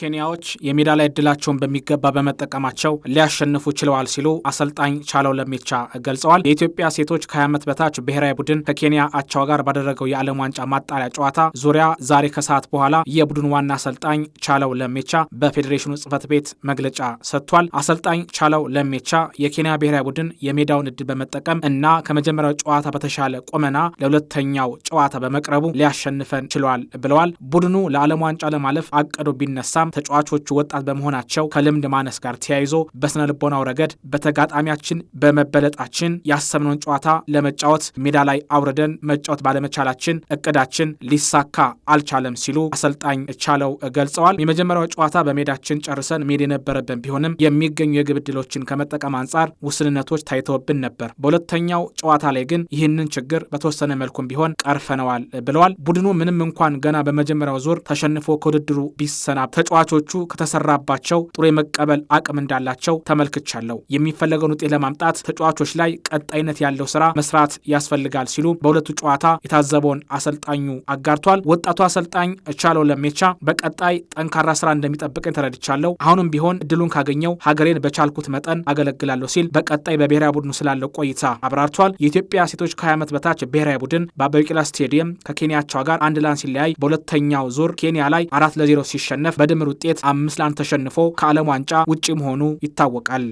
ኬንያዎች የሜዳ ላይ እድላቸውን በሚገባ በመጠቀማቸው ሊያሸንፉ ችለዋል ሲሉ አሰልጣኝ ቻለው ለሜቻ ገልጸዋል። የኢትዮጵያ ሴቶች ከ20 ዓመት በታች ብሔራዊ ቡድን ከኬንያ አቻው ጋር ባደረገው የዓለም ዋንጫ ማጣሪያ ጨዋታ ዙሪያ ዛሬ ከሰዓት በኋላ የቡድን ዋና አሰልጣኝ ቻለው ለሜቻ በፌዴሬሽኑ ጽህፈት ቤት መግለጫ ሰጥቷል። አሰልጣኝ ቻለው ለሜቻ የኬንያ ብሔራዊ ቡድን የሜዳውን እድል በመጠቀም እና ከመጀመሪያው ጨዋታ በተሻለ ቆመና ለሁለተኛው ጨዋታ በመቅረቡ ሊያሸንፈን ችሏል ብለዋል። ቡድኑ ለዓለም ዋንጫ ለማለፍ አቅዶ ቢነሳም ተጫዋቾቹ ወጣት በመሆናቸው ከልምድ ማነስ ጋር ተያይዞ በስነ ልቦናው ረገድ በተጋጣሚያችን በመበለጣችን ያሰብነውን ጨዋታ ለመጫወት ሜዳ ላይ አውርደን መጫወት ባለመቻላችን እቅዳችን ሊሳካ አልቻለም ሲሉ አሰልጣኝ ቻለው ገልጸዋል። የመጀመሪያው ጨዋታ በሜዳችን ጨርሰን ሜድ የነበረብን ቢሆንም የሚገኙ የግብ ዕድሎችን ከመጠቀም አንጻር ውስንነቶች ታይተውብን ነበር። በሁለተኛው ጨዋታ ላይ ግን ይህንን ችግር በተወሰነ መልኩም ቢሆን ቀርፈነዋል ብለዋል። ቡድኑ ምንም እንኳን ገና በመጀመሪያው ዙር ተሸንፎ ከውድድሩ ቢሰናብ ተጫዋቾቹ ከተሰራባቸው ጥሩ የመቀበል አቅም እንዳላቸው ተመልክቻለሁ። የሚፈለገውን ውጤት ለማምጣት ተጫዋቾች ላይ ቀጣይነት ያለው ስራ መስራት ያስፈልጋል ሲሉ በሁለቱ ጨዋታ የታዘበውን አሰልጣኙ አጋርቷል። ወጣቱ አሰልጣኝ እቻለው ለሜቻ በቀጣይ ጠንካራ ስራ እንደሚጠብቀኝ ተረድቻለሁ። አሁንም ቢሆን እድሉን ካገኘው ሀገሬን በቻልኩት መጠን አገለግላለሁ ሲል በቀጣይ በብሔራዊ ቡድኑ ስላለው ቆይታ አብራርቷል። የኢትዮጵያ ሴቶች ከ20 ዓመት በታች ብሔራዊ ቡድን በአበበ ቢቂላ ስቴዲየም ከኬንያቸው ጋር አንድ ላን ሲለያይ በሁለተኛው ዙር ኬንያ ላይ አራት ለዜሮ ሲሸነፍ በድምሩ ውጤት አምስት ለአንድ ተሸንፎ ከዓለም ዋንጫ ውጪ መሆኑ ይታወቃል።